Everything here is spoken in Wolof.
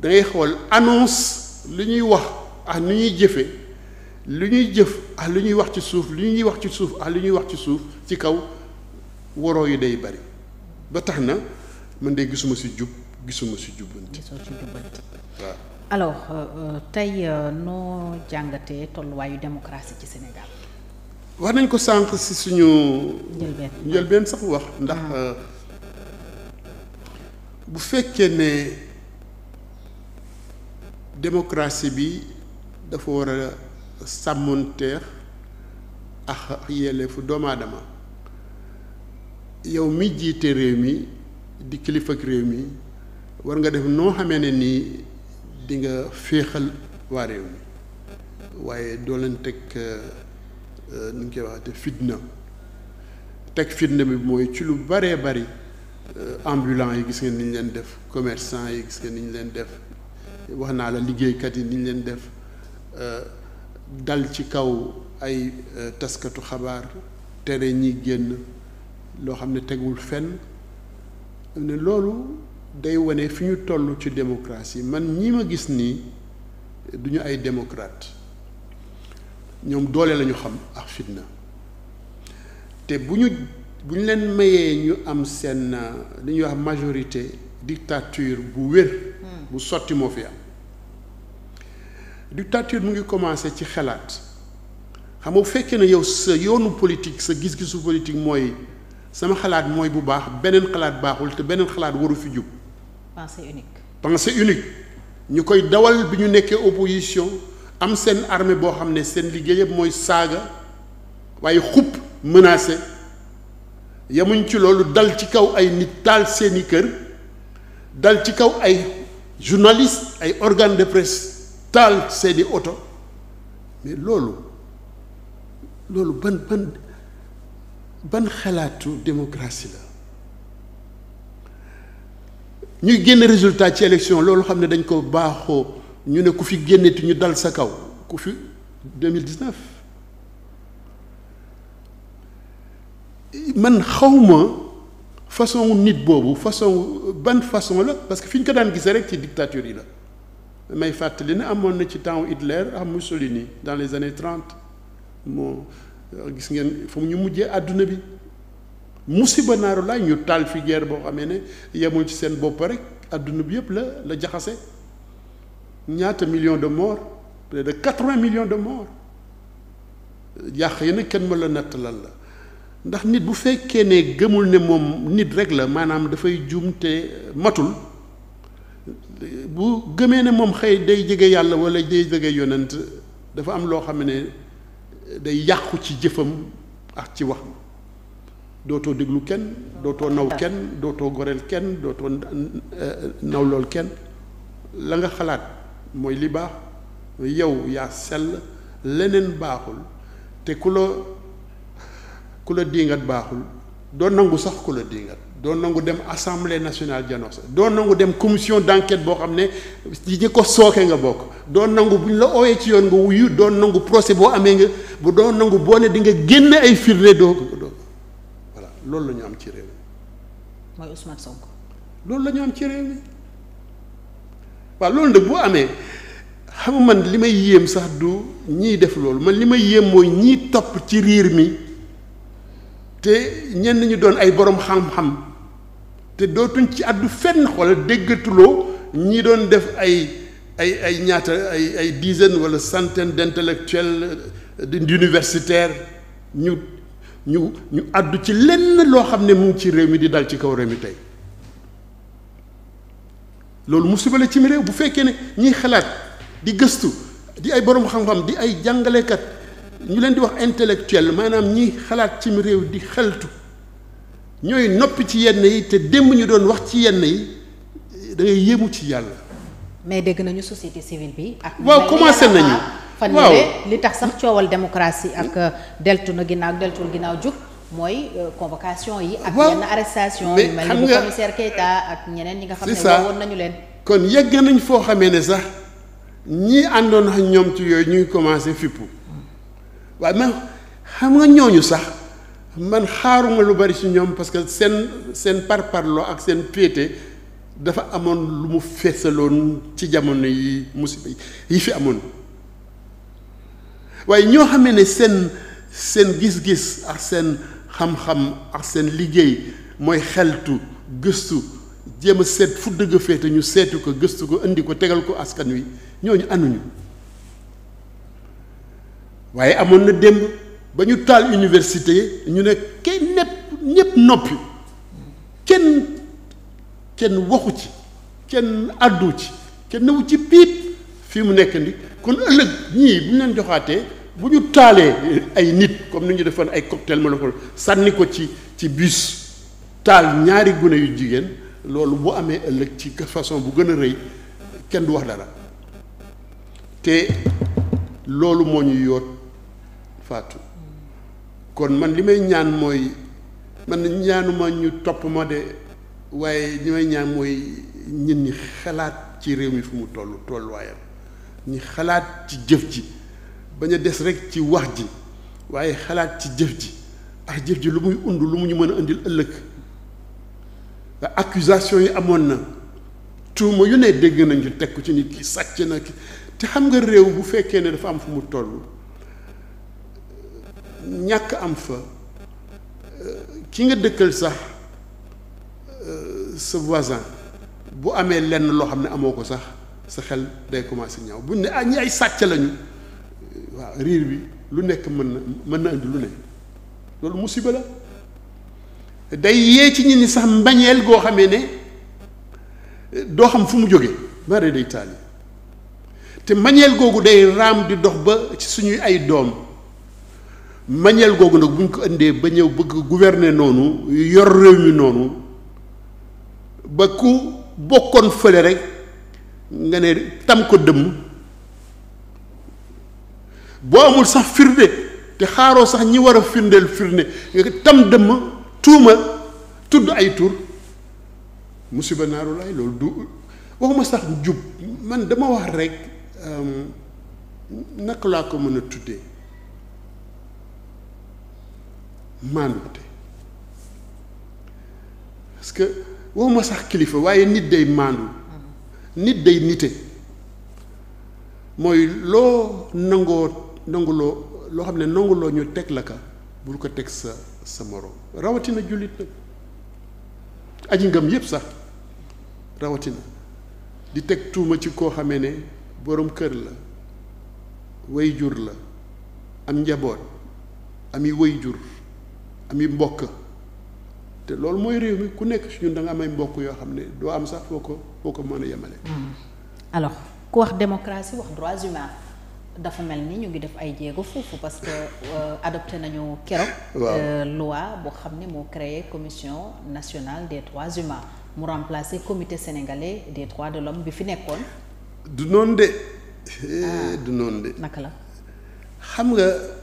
da ngay xool annonce lu ñuy wax ak lu ñuy jëfe lu ñuy jëf ak lu ñuy wax ci suuf li ñuy wax ci suuf ak lu ñuy wax ci suuf ci kaw waroo yi day bari ba tax na man de gisuma si jub gisuma si jubbanti waaw alors euh, euh, tey euh, noo jàngatee tolluwaayu démocratie ci Sénégal wax nañ ko sànq si suñu njëlbeen njëlbeen sax wax ndax ah. bu fekkee ne démocratie bi dafa war a sàmmonteex ak yelleefu doomu aadama yow mi jiite réew mi di kilifa ak réew mi war nga def noo xamee ne nii dinga nga féexal waa réew mi waaye doo leen teg euh, euh, nu ñu koy waxate fitna teg fitna bi mooy ci lu baree bari euh, ambulants yi gis nga ni leen def commercant yi gis nga ni ñu leen def wax naa la liggéeykat yi ni ñu leen def euh, dal ci kaw ay euh, taskatu xabaar tere ñi génn loo xam ne tegul fenn ne loolu day wone fi ñu toll ci démocratie man ñi ma gis nii du ñu ay démocrate ñoom doole lañu xam ak fitna te bu ñu bu ñu leen mayee ñu am seen li ñuy wax majorité dictature bu wér hmm. bu sotti moo fi am dictature mu ngi commencé ci xalaat xam nga bu fekkee ne yow sa yoonu politique sa gis-gisu politique mooy sama xalaat mooy bu baax beneen xalaat baaxul te beneen xalaat waru fi jub. pensée unique. pensée ñu koy dawal bi ñu nekkee opposition am seen armée boo xam ne seen liggéey yëpp mooy saaga waaye xupp mënaase yamuñ ci loolu dal ci kaw ay nit taal seeni kër dal ci kaw ay journaliste ay organe de presse. taal seeni oto mais loolu loolu ban ban ban xalaatu démocratie la ñuy génn résultat ci élection loolu xam ne dañ ko baaxoo ñu ne ku fi ti ñu dal sa kaw ku fi 2019 man xawma façon nit boobu façon ban façon la parce que fi ñu ko daan gisee rek ci dictature yi la may fàttali ne amoon na ci temps Hitler ak ah, Mussolini dans les années trente moo euh, gis ngeen fu ñu mujjee àdduna bi musiba naaru laay ñu taal fi guerre boo xamee ne yemul ci seen bopp rek àdduna bi yëpp la la jaxase ñaata million de morts près de quatre-vingts million de morts yàq yi nag kenn mën la nattalal la ndax nit bu fekkee ne gëmul ne moom nit rek la maanaam dafay juum matul bu gëmee ne moom xëy day jege yàlla walla day jege yonent dafa am loo xam ne day yàqu ci jëfam ak ci wax dootoo diglu kenn dootoo naw kenn dootoo goreel kenn dootoo naw lool kenn la nga xalaat mooy li baax yow yaa sell leneen baaxul te ku la ku la diingat baaxul doo nangu sax ku la dingat doo nangu dem assemblée nationale janox sax doo nangu dem commission d'enquête boo xam ne ci ñi ko sooke nga bokk doo nangu bu ñu la ooyee ci yoon nga wuyu doo nangu procès boo amee nga bu doo nangu boo ne di nga génne ay firnde doo doo voilà loolu lañu am ci réew mi. mooy Ousmane loolu la ñu am loolu nag bu amee xam man li may yéem sax du ñiy def loolu man li may yéem mooy ñii topp ci riir mi. te ñenn ñu doon ay borom xam-xam te dootuñ ci àddu fenn xoolal déggatuloo ñi doon def ay ay ay ñaata ay ay dizaine wala centaine d'intellectuels euh, d'universitaires ñu ñu ñu àddu ci lenn loo xam ne mu ngi ci réew mi di dal ci kaw réew mi tey loolu musiba la ci mi réew bu fekkee ne ñiy xalaat di gëstu di ay boroom xam-xam di ay jàngalekat ñu leen di wax intellectuel maanaam ñi xalaat ci cim réew di xeltu ñooy noppi ci yenn yi te démb ñu doon wax ci yenn yi da ngay yéemu ci yàlla. mais dégg nañu société civile bi. ak waaw commencé nañu. waaw fan li tax sax coowal démocratie ak euh, deltu na ginnaaw deltul ginnaaw jug mooy euh, convocation yi. ak yenn arrestation yu mel ni commissaire Keita ak ñeneen ñi nga xam ne woon nañu leen. kon yegg nañ foo xamee ne sax ñii àndoon ak ñoom ci yooyu ñuy ngi commencé fippu. waaye man xam nga ñooñu sax man xaaruma lu bari ci ñoom parce que seen seen parparloo ak seen féete dafa amoon lu mu feesaloon ci jamono yi musiba yi fi amoon waaye ñoo xamee ne seen seen gis-gis ak seen xam-xam ak seen liggéey mooy xeltu gëstu jéem a seet fu dëgg féete ñu seetu ko gëstu ko indi ko tegal ko askan wi ñooñu anuñu waaye amoon na démb ba ñu taal université ñu ne kenn ñépp ñépp noppi kenn kenn waxu ci kenn àddu ci kenn newu ci piip fii mu nekk ni kon ëllëg ñii bu ñu leen joxaatee bu ñu taalee ay nit comme ni ñu defoon ay cocktail molotov sànni ko ci ci biis taal ñaari gune yu jigéen loolu bu amee ëllëg ci façon bu gën a rëy kenn du wax dara te loolu moo ñu yoot faatu kon man li may ñaan mooy man ñaanuma ñu topp ma de waaye li may ñaan mooy nit ñi xalaat ci réew mi fu mu toll tolluwaayam ñi xalaat ci jëf ji bañ a des rek ci wax ji waaye xalaat ci jëf ji ak jëf ji lu muy und lu mu ñu mën a indil ëllëg waa accusation yi amoon na tuuma yu ne dégg nañu teg ko ci nit ki sàcc na ki te xam nga réew bu fekkee ne dafa am fu mu toll ñàkk am fa euh, ki nga dëkkal sax euh, sa voisin bu amee lenn loo xam ne amoo ko sax sa xel day commencé ñaw buñ ne ah, ñi ay sàcc lañu waaw riir bi lu nekk mën na mën na indi lu ne loolu musiba la day yee ci ñi ni sax mbañeel goo xamee ne doo xam fu mu jógee bare day taal te mbañeel googu day raam di dox ba ci suñuy ay doom mañeel googu nag bu ñu ko indee ba ñëw bëgg gouverner noonu yor réew mi noonu ba ku bokkoon fële rek nga ne tam ko dëmm boo amul sax firnde te xaaroo sax ñi war a firndeel firnde nga tam dëmm tuuma tudd ay tur musiba naaru laay loolu du waxuma sax jub man dama wax rek euh, naka laa ko mën a tuddee. maandute parce que waxuma sax kilifa waaye nit day maandu nit day nite mooy loo nangoo nanguloo loo xam ne nanguloo ñu teg la ka bul ko teg sa sa moroom rawatina jullit nag aji ngam yépp sax rawatina di teg tuuma ci koo xame ne boroom kër la way jur la am njaboot ami way jur ami mbokk te loolu mooy réew mi ku nekk si ñun da nga am ay mbokk yoo xam ne doo am sax foo ko foo ko mën a yemale. Hmm. alors ku wax démocratie wax droits humains dafa mel ni ñu ngi def ay jéego foofu parce que euh, adopté nañu keroog. waaw euh, boo xam ne moo créé commission nationale des droits humains mu remplacer comité sénégalais des droits de l'homme bi fi nekkoon. du noonu de. Ah. Eh, du noonu de. naka la xam nga